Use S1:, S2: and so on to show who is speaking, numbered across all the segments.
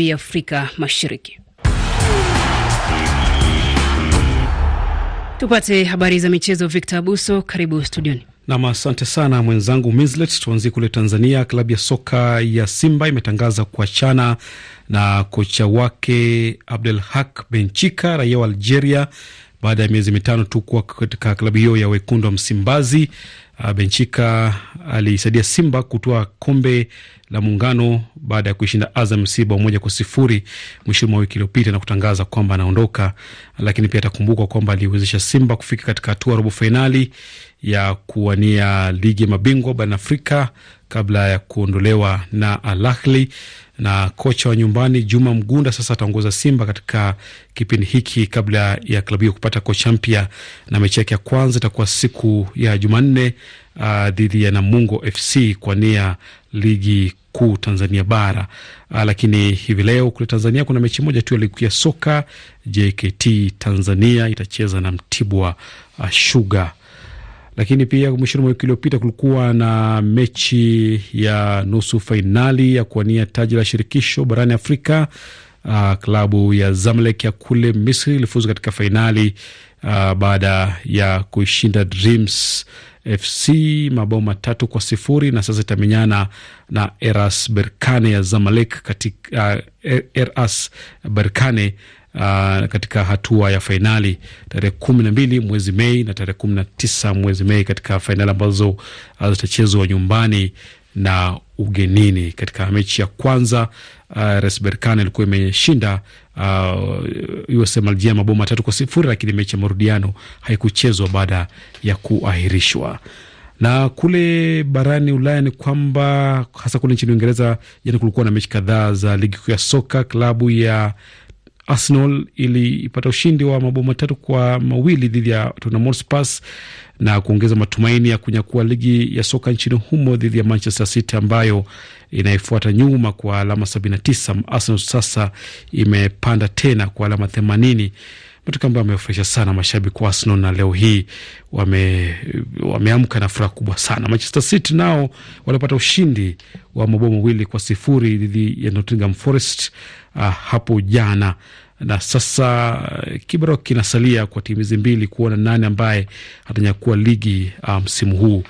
S1: ya Afrika Mashariki. Tupate habari za michezo. Victor Abuso, karibu studioni.
S2: Nam, asante sana mwenzangu Mislet. Tuanzie kule Tanzania. Klabu ya soka ya Simba imetangaza kuachana na kocha wake Abdel Hak Benchika, raia wa Algeria, baada ya miezi mitano tu kuwa katika klabu hiyo ya wekundu wa Msimbazi. Uh, Benchika aliisaidia Simba kutoa kombe la Muungano baada ya kuishinda Azam Simba moja kwa sifuri mwishoni mwa wiki iliyopita na kutangaza kwamba anaondoka, lakini pia atakumbukwa kwamba aliwezesha Simba kufika katika hatua robo fainali ya kuwania ligi ya mabingwa barani Afrika kabla ya kuondolewa na Al Ahly na kocha wa nyumbani Juma Mgunda sasa ataongoza Simba katika kipindi hiki kabla ya klabu hiyo kupata kocha mpya, na mechi yake ya kwanza itakuwa siku ya Jumanne uh, dhidi ya Namungo FC kwa nia ligi kuu Tanzania bara. Uh, lakini hivi leo kule Tanzania kuna mechi moja tu ya ligi kuu ya soka. JKT Tanzania itacheza na Mtibwa uh, Sugar lakini pia mwishoni mwa wiki iliyopita kulikuwa na mechi ya nusu fainali ya kuwania taji la shirikisho barani Afrika. Uh, klabu ya Zamalek ya kule Misri ilifuzu katika fainali uh, baada ya kuishinda Dreams FC mabao matatu kwa sifuri na sasa itamenyana na Eras Berkane ya Zamalek katika, uh, Eras Berkane uh, katika hatua ya fainali tarehe kumi na mbili mwezi Mei na tarehe kumi na tisa mwezi Mei katika fainali ambazo ah, zitachezwa nyumbani na ugenini. Katika mechi ya kwanza uh, ah, RS Berkane ilikuwa imeshinda uh, USM Alger mabao matatu kwa sifuri, lakini mechi ya marudiano haikuchezwa baada ya kuahirishwa na kule barani Ulaya ni kwamba hasa kule nchini Uingereza jana kulikuwa na mechi kadhaa za ligi kuu ya soka. Klabu ya Arsenal ilipata ushindi wa mabao matatu kwa mawili dhidi ya Tottenham Hotspur na kuongeza matumaini ya kunyakua ligi ya soka nchini humo dhidi ya Manchester City ambayo inaifuata nyuma kwa alama 79. Arsenal sasa imepanda tena kwa alama 80 matokeo ambayo amefurahisha sana mashabiki wa Arsenal na leo hii wameamka wame na furaha kubwa sana. Manchester City nao walipata ushindi wa mabao mawili kwa sifuri dhidi ya Nottingham Forest uh, hapo jana na sasa eh, kibaro kinasalia kwa timu hizi mbili kuona nani ambaye atanyakua ligi ah, msimu um, huu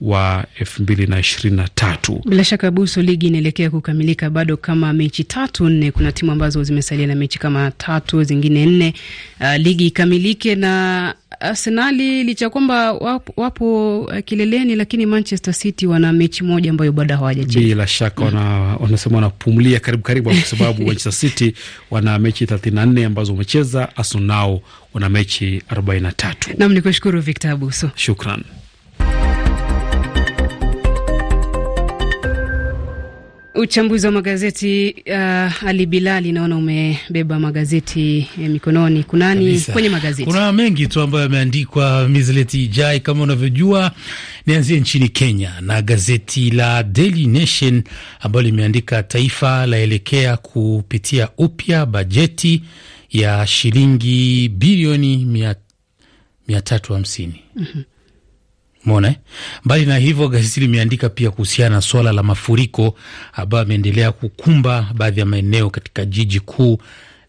S2: wa elfu mbili na ishirini na tatu.
S1: Bila shaka buso ligi inaelekea kukamilika bado kama mechi tatu nne, kuna timu ambazo zimesalia na mechi kama tatu zingine nne, uh, ligi ikamilike na Arsenali licha kwamba wapo, wapo uh, kileleni, lakini Manchester City wana mechi moja ambayo bado hawajacheza.
S2: Bila shaka wanasema wanapumulia karibu karibu, kwa sababu Manchester City wana mechi 34 ambazo wamecheza, Arsenal nao wana mechi
S1: 43. Nam ni kushukuru Victor Abuso, shukran. Uchambuzi wa magazeti uh, Ali Bilali, naona umebeba magazeti ya eh, mikononi. Kunani kabisa kwenye magazeti? Kuna
S3: mengi tu ambayo yameandikwa mizleti ijai. Kama unavyojua, nianzie nchini Kenya na gazeti la Daily Nation ambalo limeandika taifa laelekea kupitia upya bajeti ya shilingi bilioni mia tatu hamsini. mm -hmm. Mona. Eh? Mbali na hivyo, gazeti limeandika pia kuhusiana na swala la mafuriko ambayo ameendelea kukumba baadhi ya maeneo katika jiji kuu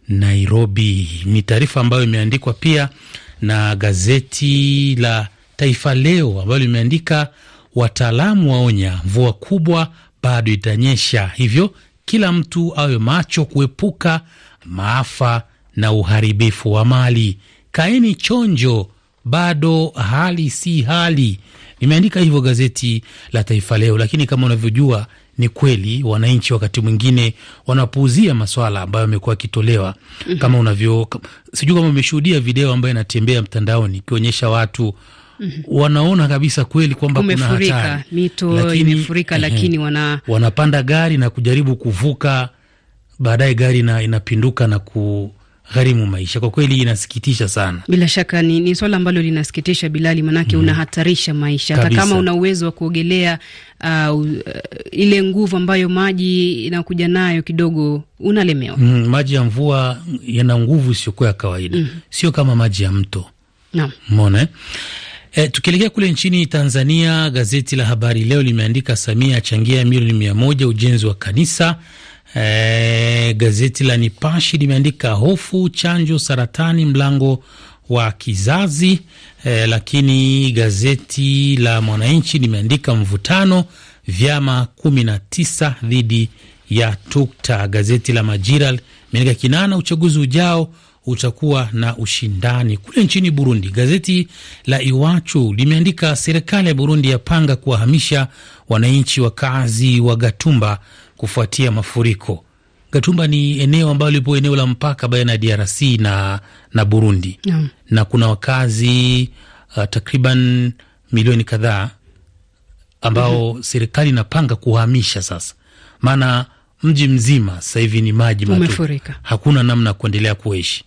S3: Nairobi. Ni taarifa ambayo imeandikwa pia na gazeti la Taifa Leo ambayo limeandika wataalamu waonya mvua kubwa bado itanyesha, hivyo kila mtu awe macho kuepuka maafa na uharibifu wa mali. Kaeni chonjo bado hali si hali. imeandika hivyo gazeti la Taifa Leo, lakini kama unavyojua ni kweli, wananchi wakati mwingine wanapuuzia maswala ambayo yamekuwa akitolewa mhm. Kama unavyo sijui kama umeshuhudia video ambayo inatembea mtandaoni ikionyesha watu Mm -hmm. Wanaona kabisa kweli kwamba kuna hatari,
S1: mito imefurika, lakini wana...
S3: wanapanda gari na kujaribu kuvuka, baadaye gari na, inapinduka na ku gharimu maisha. Kwa kweli inasikitisha sana.
S1: Bila shaka ni, ni swala ambalo linasikitisha Bilali, manake mm, unahatarisha maisha hata kama una uwezo wa kuogelea. Uh, uh, ile nguvu ambayo maji inakuja nayo kidogo unalemewa.
S3: Mm, maji ya mvua yana nguvu isiyokuwa ya kawaida mm, sio kama maji ya mto Mona E, eh? eh, tukielekea kule nchini Tanzania, gazeti la Habari Leo limeandika Samia achangia milioni mia moja ujenzi wa kanisa E, gazeti la Nipashi limeandika hofu chanjo saratani mlango wa kizazi. E, lakini gazeti la Mwananchi limeandika mvutano vyama kumi na tisa dhidi ya Tukta. Gazeti la Majira limeandika Kinana, uchaguzi ujao utakuwa na ushindani. Kule nchini Burundi, gazeti la Iwachu limeandika serikali ya Burundi yapanga kuwahamisha wananchi wakazi wa Gatumba kufuatia mafuriko. Gatumba ni eneo ambalo lipo eneo la mpaka baina ya DRC na, na Burundi mm. na kuna wakazi uh, takriban milioni kadhaa ambao mm -hmm. serikali inapanga kuhamisha sasa, maana mji mzima sasa hivi ni maji hakuna namna ya kuendelea kuishi.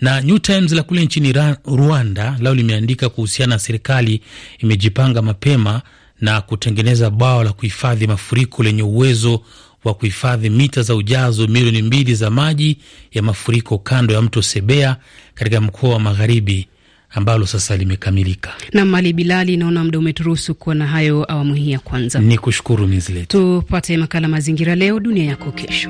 S3: Na New Times la kule nchini Rwanda lao limeandika kuhusiana na serikali imejipanga mapema na kutengeneza bwawa la kuhifadhi mafuriko lenye uwezo wa kuhifadhi mita za ujazo milioni mbili za maji ya mafuriko kando ya mto Sebea katika mkoa wa Magharibi ambalo sasa limekamilika.
S1: Nam mali Bilali, naona muda umeturuhusu kuwa na hayo awamu hii ya kwanza.
S3: Ni kushukuru Mizlet.
S1: Tupate makala Mazingira Leo, Dunia Yako Kesho.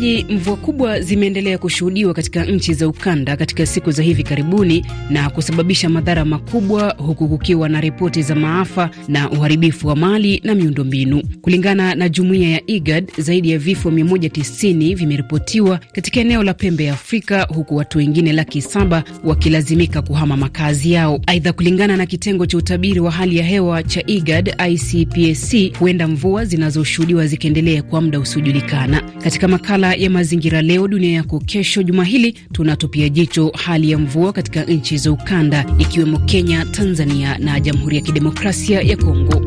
S1: Msikilizaji, mvua kubwa zimeendelea kushuhudiwa katika nchi za ukanda katika siku za hivi karibuni na kusababisha madhara makubwa, huku kukiwa na ripoti za maafa na uharibifu wa mali na miundombinu. Kulingana na jumuiya ya IGAD, zaidi ya vifo 190 vimeripotiwa katika eneo la pembe ya Afrika, huku watu wengine laki saba wakilazimika kuhama makazi yao. Aidha, kulingana na kitengo cha utabiri wa hali ya hewa cha IGAD ICPSC, huenda mvua zinazoshuhudiwa zikiendelea kwa muda usiojulikana. Katika makala ya mazingira leo dunia yako kesho. Juma hili tunatupia jicho hali ya mvua katika nchi za ukanda ikiwemo Kenya, Tanzania na Jamhuri ya Kidemokrasia ya Kongo.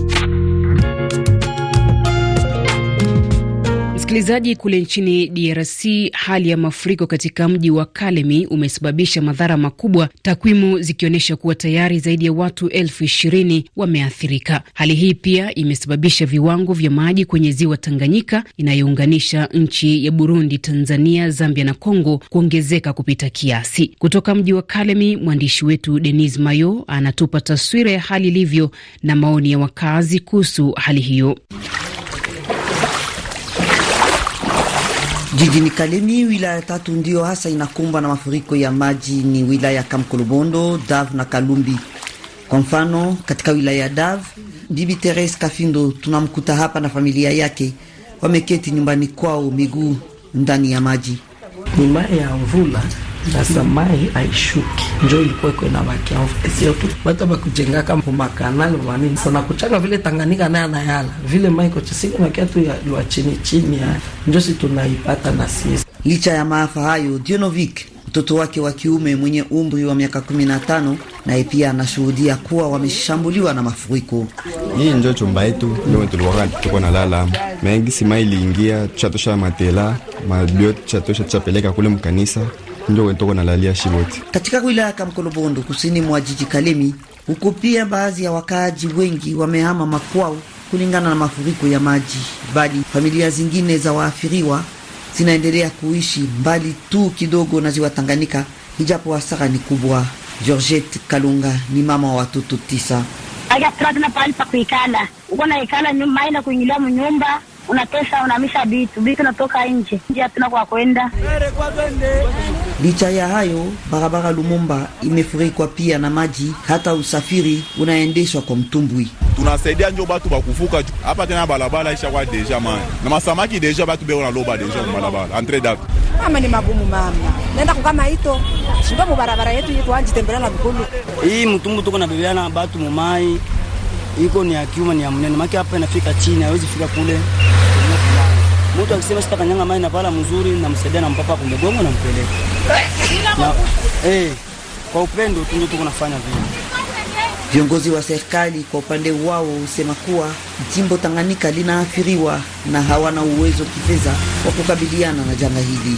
S1: Msikilizaji, kule nchini DRC hali ya mafuriko katika mji wa Kalemi umesababisha madhara makubwa, takwimu zikionyesha kuwa tayari zaidi ya watu elfu ishirini wameathirika. Hali hii pia imesababisha viwango vya maji kwenye ziwa Tanganyika inayounganisha nchi ya Burundi, Tanzania, Zambia na Kongo kuongezeka kupita kiasi. Kutoka mji wa Kalemi, mwandishi wetu Denis Mayo anatupa taswira ya hali ilivyo na maoni ya wakazi kuhusu hali hiyo. Jijini
S4: Kalemi, wilaya tatu ndiyo hasa inakumbwa na mafuriko ya maji ni wilaya Kamkolobondo, Dav na Kalumbi. Kwa mfano, katika wilaya ya Dav, Bibi Teres Kafindo tunamkuta hapa na familia yake, wameketi nyumbani kwao, miguu ndani ya maji. Nyuma ya mvula nasamai aishuki njo ilikuwa iko na bata bakianfesio tu batu bakujengaka mumakanali sana banakuchaka vile Tanganyika naye anayala vile maiko chisiki na nakia tu lwa chini chini ya njo si tunaipata na sisi. Licha ya maafa hayo, Dionovic mtoto wake wa kiume mwenye umri wa miaka 15 naye pia anashuhudia kuwa wameshambuliwa na mafuriko.
S1: Hii njo chumba yetu
S2: ndio tuliwaka tuko na lala mengi, sima iliingia, chatosha matela mabio, chatosha chapeleka kule mkanisa ndio wentoko nalalia shiboti
S4: katika wilaya ya Kamkolobondo kusini mwa jiji Kalemi. Huko pia baadhi ya wakaaji wengi wamehama makwao kulingana na mafuriko ya maji, bali familia zingine za waathiriwa zinaendelea kuishi mbali tu kidogo na ziwa Tanganyika, ijapo hasara ni kubwa. Georgette Kalunga ni mama wa watoto tisa.
S1: Hatuna pahali pa kuikala, uko naikala nyumba ina kuingilia mnyumba unatesa unamisha bitu bitu natoka nje nje, hatuna kwa kwenda
S4: Licha ya hayo, barabara Lumumba imefurikwa pia na maji, hata usafiri unaendeshwa kwa mtumbwi. Tunasaidia njo batu bakuvuka
S5: hapa tena, barabara ishakuwa deja maji na masamaki deja, batu beko naloba deja mubarabara entre datu
S1: mama ni magumu mama, nenda kukama ito shinga mubarabara yetu ikuanjitembelea na vikulu
S4: iyi mtumbu tuko na bebea na batu mumai iko ni ya kiuma ni ya mnene maki hapa inafika chini, hawezi fika kule mtu akisema sitakanyanga maji na pala mzuri, namsaidia nampapa kumgongo nampeleka na, eh, kwa upendo tu tuko nafanya vile. Viongozi wa serikali kwa upande wao husema kuwa jimbo Tanganyika linaathiriwa na hawana uwezo kifedha wa kukabiliana na janga hili.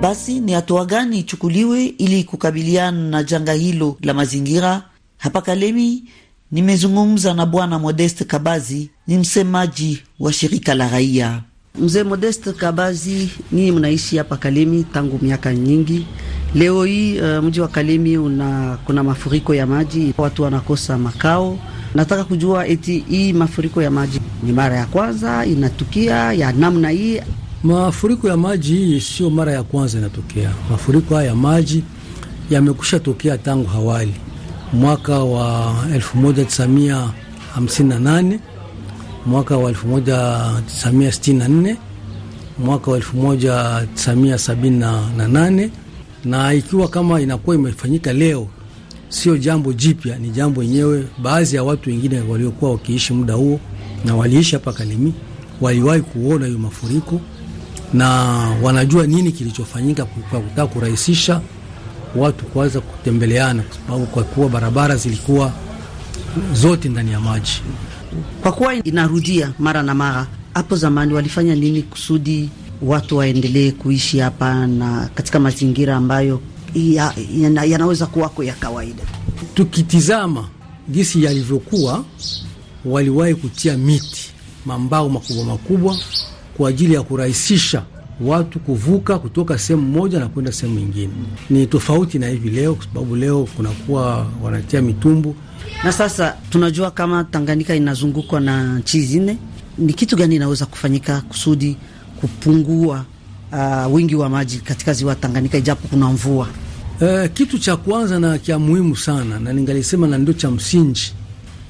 S4: Basi ni hatua gani ichukuliwe ili kukabiliana na janga hilo la mazingira? Hapa Kalemi, Nimezungumza na Bwana Modeste Kabazi, ni msemaji wa shirika la raia. Mzee Modeste Kabazi, nyinyi mnaishi hapa Kalemi tangu miaka nyingi. Leo hii uh, mji wa Kalemi una kuna mafuriko ya maji, watu wanakosa makao. Nataka kujua eti hii mafuriko ya maji ni
S6: mara ya kwanza inatukia ya namna hii? Mafuriko ya maji hii sio mara ya kwanza inatokea. Mafuriko haya ya maji yamekusha tokea tangu hawali mwaka wa 1958, mwaka wa 1964, mwaka wa 1978, na ikiwa kama inakuwa imefanyika leo, sio jambo jipya, ni jambo yenyewe. Baadhi ya watu wengine waliokuwa wakiishi muda huo na waliishi hapa Kalemi waliwahi kuona hiyo mafuriko na wanajua nini kilichofanyika kwa kutaka kurahisisha watu kuanza kutembeleana, kwa sababu kwa kuwa barabara zilikuwa zote ndani ya maji, kwa kuwa inarudia
S4: mara na mara. Hapo zamani walifanya nini kusudi watu waendelee kuishi hapa na katika mazingira ambayo yanaweza ya, ya kuwako ya kawaida?
S6: Tukitizama jinsi yalivyokuwa, waliwahi kutia miti mambao makubwa makubwa kwa ajili ya kurahisisha watu kuvuka kutoka sehemu moja na kwenda sehemu nyingine. Ni tofauti na hivi leo, kwa sababu leo kunakuwa wanatia mitumbu. Na sasa tunajua kama Tanganyika inazungukwa na nchi zine,
S4: ni kitu gani inaweza kufanyika kusudi kupungua uh, wingi wa maji
S6: katika ziwa Tanganyika ijapo kuna mvua? Uh, kitu cha kwanza na cha muhimu sana na ningalisema na ndio cha msingi,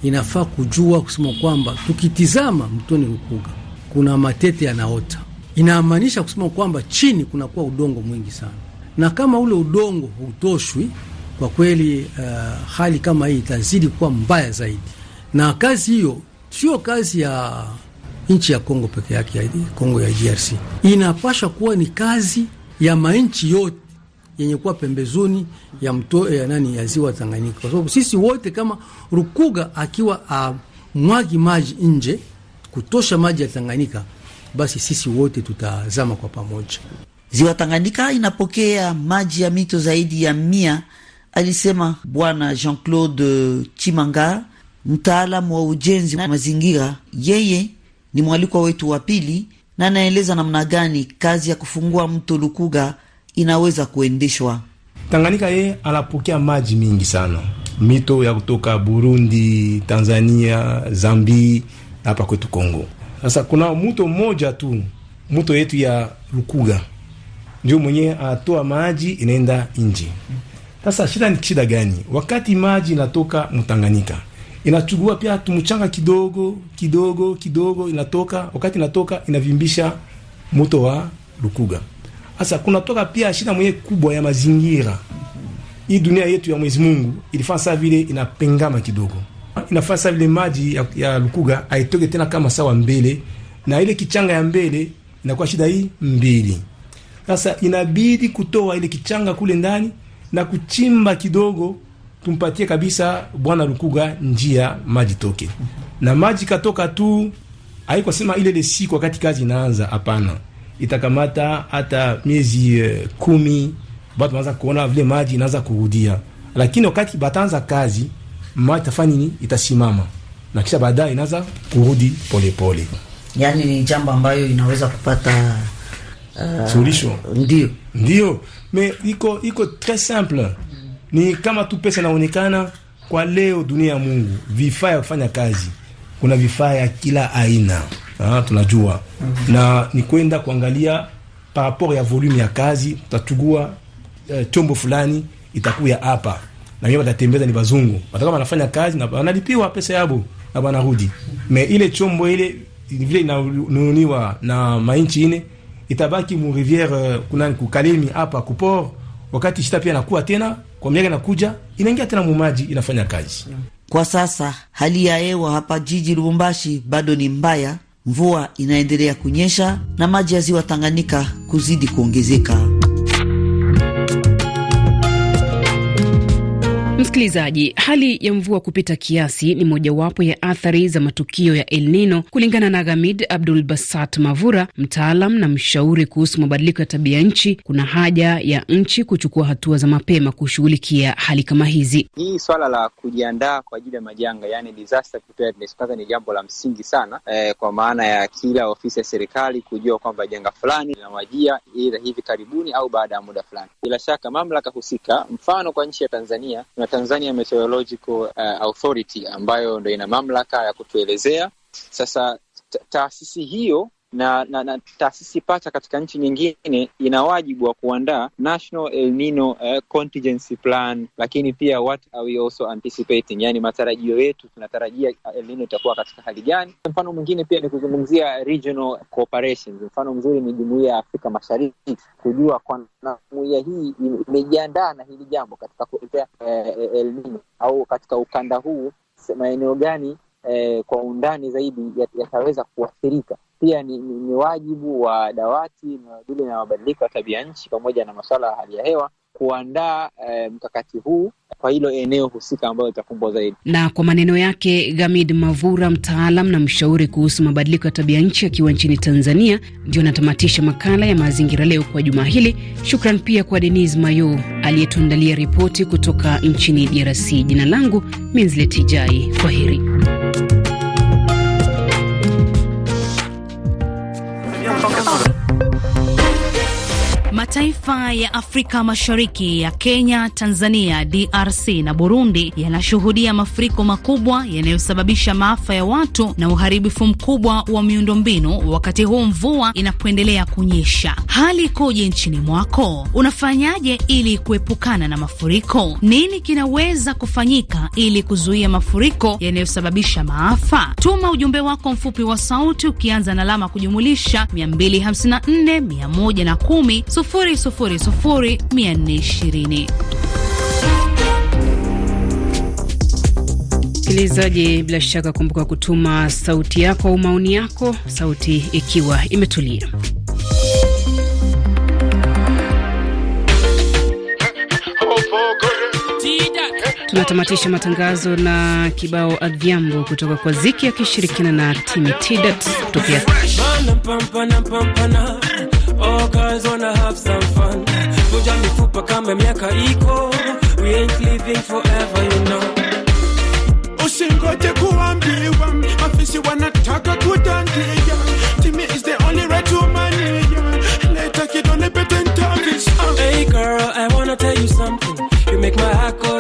S6: inafaa kujua kusema kwamba tukitizama mtoni Rukuga kuna matete yanaota inamaanisha kusema kwamba chini kunakuwa udongo mwingi sana, na kama ule udongo hautoshwi, kwa kweli uh, hali kama hii itazidi kuwa mbaya zaidi. Na kazi hiyo sio kazi ya nchi ya Kongo peke yake, ya Kongo ya DRC, inapasha kuwa ni kazi ya manchi yote yenye kuwa pembezoni ya mto ya nani ya ziwa Tanganyika, kwa sababu sisi wote kama Rukuga akiwa amwagi maji nje kutosha maji ya Tanganyika basi sisi wote tutazama kwa pamoja. Ziwa Tanganyika
S4: inapokea maji ya mito zaidi ya mia, alisema Bwana Jean-Claude Chimanga, mtaalamu wa ujenzi na mazingira. Yeye ni mwalikwa wetu wa pili na anaeleza namna gani kazi ya kufungua mto Lukuga inaweza kuendeshwa.
S5: Tanganyika yeye anapokea maji mingi sana, mito ya kutoka Burundi, Tanzania, Zambi na hapa kwetu Kongo sasa kuna mto mmoja tu, mto yetu ya Rukuga ndio mwenye atoa maji inaenda nje. Sasa shida ni shida gani? Wakati maji inatoka Mtanganyika inachugua pia tumchanga kidogo kidogo kidogo, inatoka wakati inatoka inavimbisha mto wa Rukuga. Sasa kuna toka pia shida mwenye kubwa ya mazingira. Hii dunia yetu ya Mwenyezi Mungu ilifanya vile inapengama kidogo inafanya sasa vile maji ya, ya Lukuga aitoke tena kama sawa mbele, na ile kichanga ya mbele inakuwa shida hii mbili. Sasa inabidi kutoa ile kichanga kule ndani na kuchimba kidogo, tumpatie kabisa bwana Lukuga njia maji toke. Na maji katoka tu, haiko sema ile ile siku wakati kazi inaanza, hapana, itakamata hata miezi uh, kumi, bado tunaanza kuona vile maji inaanza kurudia, lakini wakati bataanza kazi ma itafanya nini, itasimama na kisha baadaye inaanza kurudi polepole. Yani ni jambo ambayo inaweza kupata uh, suluhisho. Ndio, ndio me iko iko tres simple Ni kama tu pesa inaonekana kwa leo, dunia ya Mungu, vifaa ya kufanya kazi, kuna vifaa ya kila aina ha, ah, tunajua mm -hmm. na ni kwenda kuangalia par rapport ya volume ya kazi, tutachukua eh, chombo fulani itakuya hapa na wengine watatembeza ni wazungu, watakuwa anafanya kazi na wanalipiwa pesa yabo na wanarudi. Me ile chombo ile vile inanuniwa na mainchi ine itabaki mu riviere eh, kuna kukalemi hapa kupor, wakati shita pia nakuwa tena kwa miaka inakuja inaingia tena mu maji inafanya kazi.
S4: Kwa sasa hali ya hewa hapa jiji Lubumbashi bado ni mbaya, mvua inaendelea kunyesha na maji ya ziwa Tanganyika kuzidi kuongezeka.
S1: Msikilizaji, hali ya mvua kupita kiasi ni mojawapo ya athari za matukio ya El Nino kulingana na Ghamid Abdul Basat Mavura, mtaalam na mshauri kuhusu mabadiliko ya tabia nchi. Kuna haja ya nchi kuchukua hatua za mapema kushughulikia hali kama hizi.
S7: Hii swala la kujiandaa kwa ajili ya majanga, yani disaster preparedness, kwanza ni jambo la msingi sana eh, kwa maana ya kila ofisi ya serikali kujua kwamba janga fulani linawajia ila hivi karibuni au baada ya muda fulani. Bila shaka mamlaka husika, mfano kwa nchi ya Tanzania Tanzania Meteorological uh, Authority ambayo ndo ina mamlaka ya kutuelezea. Sasa taasisi hiyo na, na, na taasisi pacha katika nchi nyingine ina wajibu wa kuandaa National El Nino uh, contingency plan, lakini pia what are we also anticipating, yani matarajio yetu, tunatarajia El Nino itakuwa katika hali gani? Mfano mwingine pia ni kuzungumzia regional cooperations. Mfano mzuri ni jumuia ya Afrika Mashariki, kujua kwanamuia hii imejiandaa na hili jambo katika kuelekea uh, El Nino au katika ukanda huu maeneo gani uh, kwa undani zaidi yataweza kuathirika pia ni, ni, ni wajibu wa dawati linalodili na mabadiliko ya tabia nchi pamoja na masuala ya hali ya hewa kuandaa eh, mkakati huu kwa hilo eneo husika ambayo itakumbwa zaidi.
S1: Na kwa maneno yake Gamid Mavura, mtaalam na mshauri kuhusu mabadiliko ya tabia nchi akiwa nchini Tanzania, ndio anatamatisha makala ya mazingira leo kwa jumaa hili. Shukran pia kwa Denis Mayo aliyetuandalia ripoti kutoka nchini DRC. Jina langu Minzletijai, kwa heri. Mataifa ya Afrika Mashariki ya Kenya, Tanzania, DRC na Burundi yanashuhudia mafuriko makubwa yanayosababisha maafa ya watu na uharibifu mkubwa wa miundombinu, wakati huu mvua inapoendelea kunyesha. Hali ikoje nchini mwako? Unafanyaje ili kuepukana na mafuriko? Nini kinaweza kufanyika ili kuzuia mafuriko yanayosababisha maafa? Tuma ujumbe wako mfupi wa sauti ukianza na alama kujumulisha 254 110 000 Msikilizaji, bila shaka kumbuka kutuma sauti yako au maoni yako, sauti ikiwa imetulia. Tunatamatisha matangazo na kibao adhiambo kutoka kwa Ziki akishirikiana na Timi Tidat kutokea
S8: All oh, girls wanna have some fun. Kuja mifupa kama miaka iko. We ain't living forever, you know. Usingoje kuambiwa, mafisi wanataka kutandia. Timmy is the only right to money. Leta kidole pete ntavis. Hey girl, I wanna tell you something. You make my heart go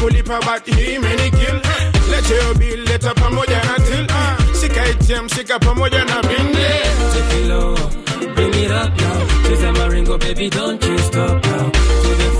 S8: Fully poverty, many kill. Let your bill, let up pamoja na till. Shika ATM, shika pamoja na bindi. Take it low, bring it up now. a maringo, baby, don't you stop now. To the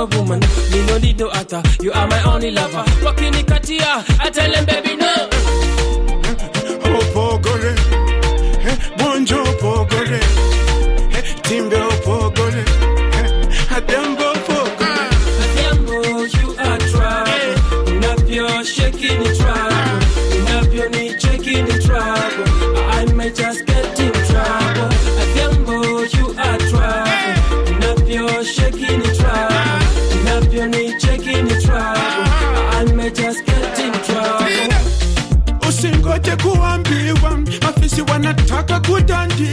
S8: a woman. Me no need no other. You are my only lover. Rockin' it, Katia. I tell them, baby, no. Oh, Pogore. Eh, bonjour Pogore. Eh, Timbe, oh, Pogore.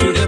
S8: to the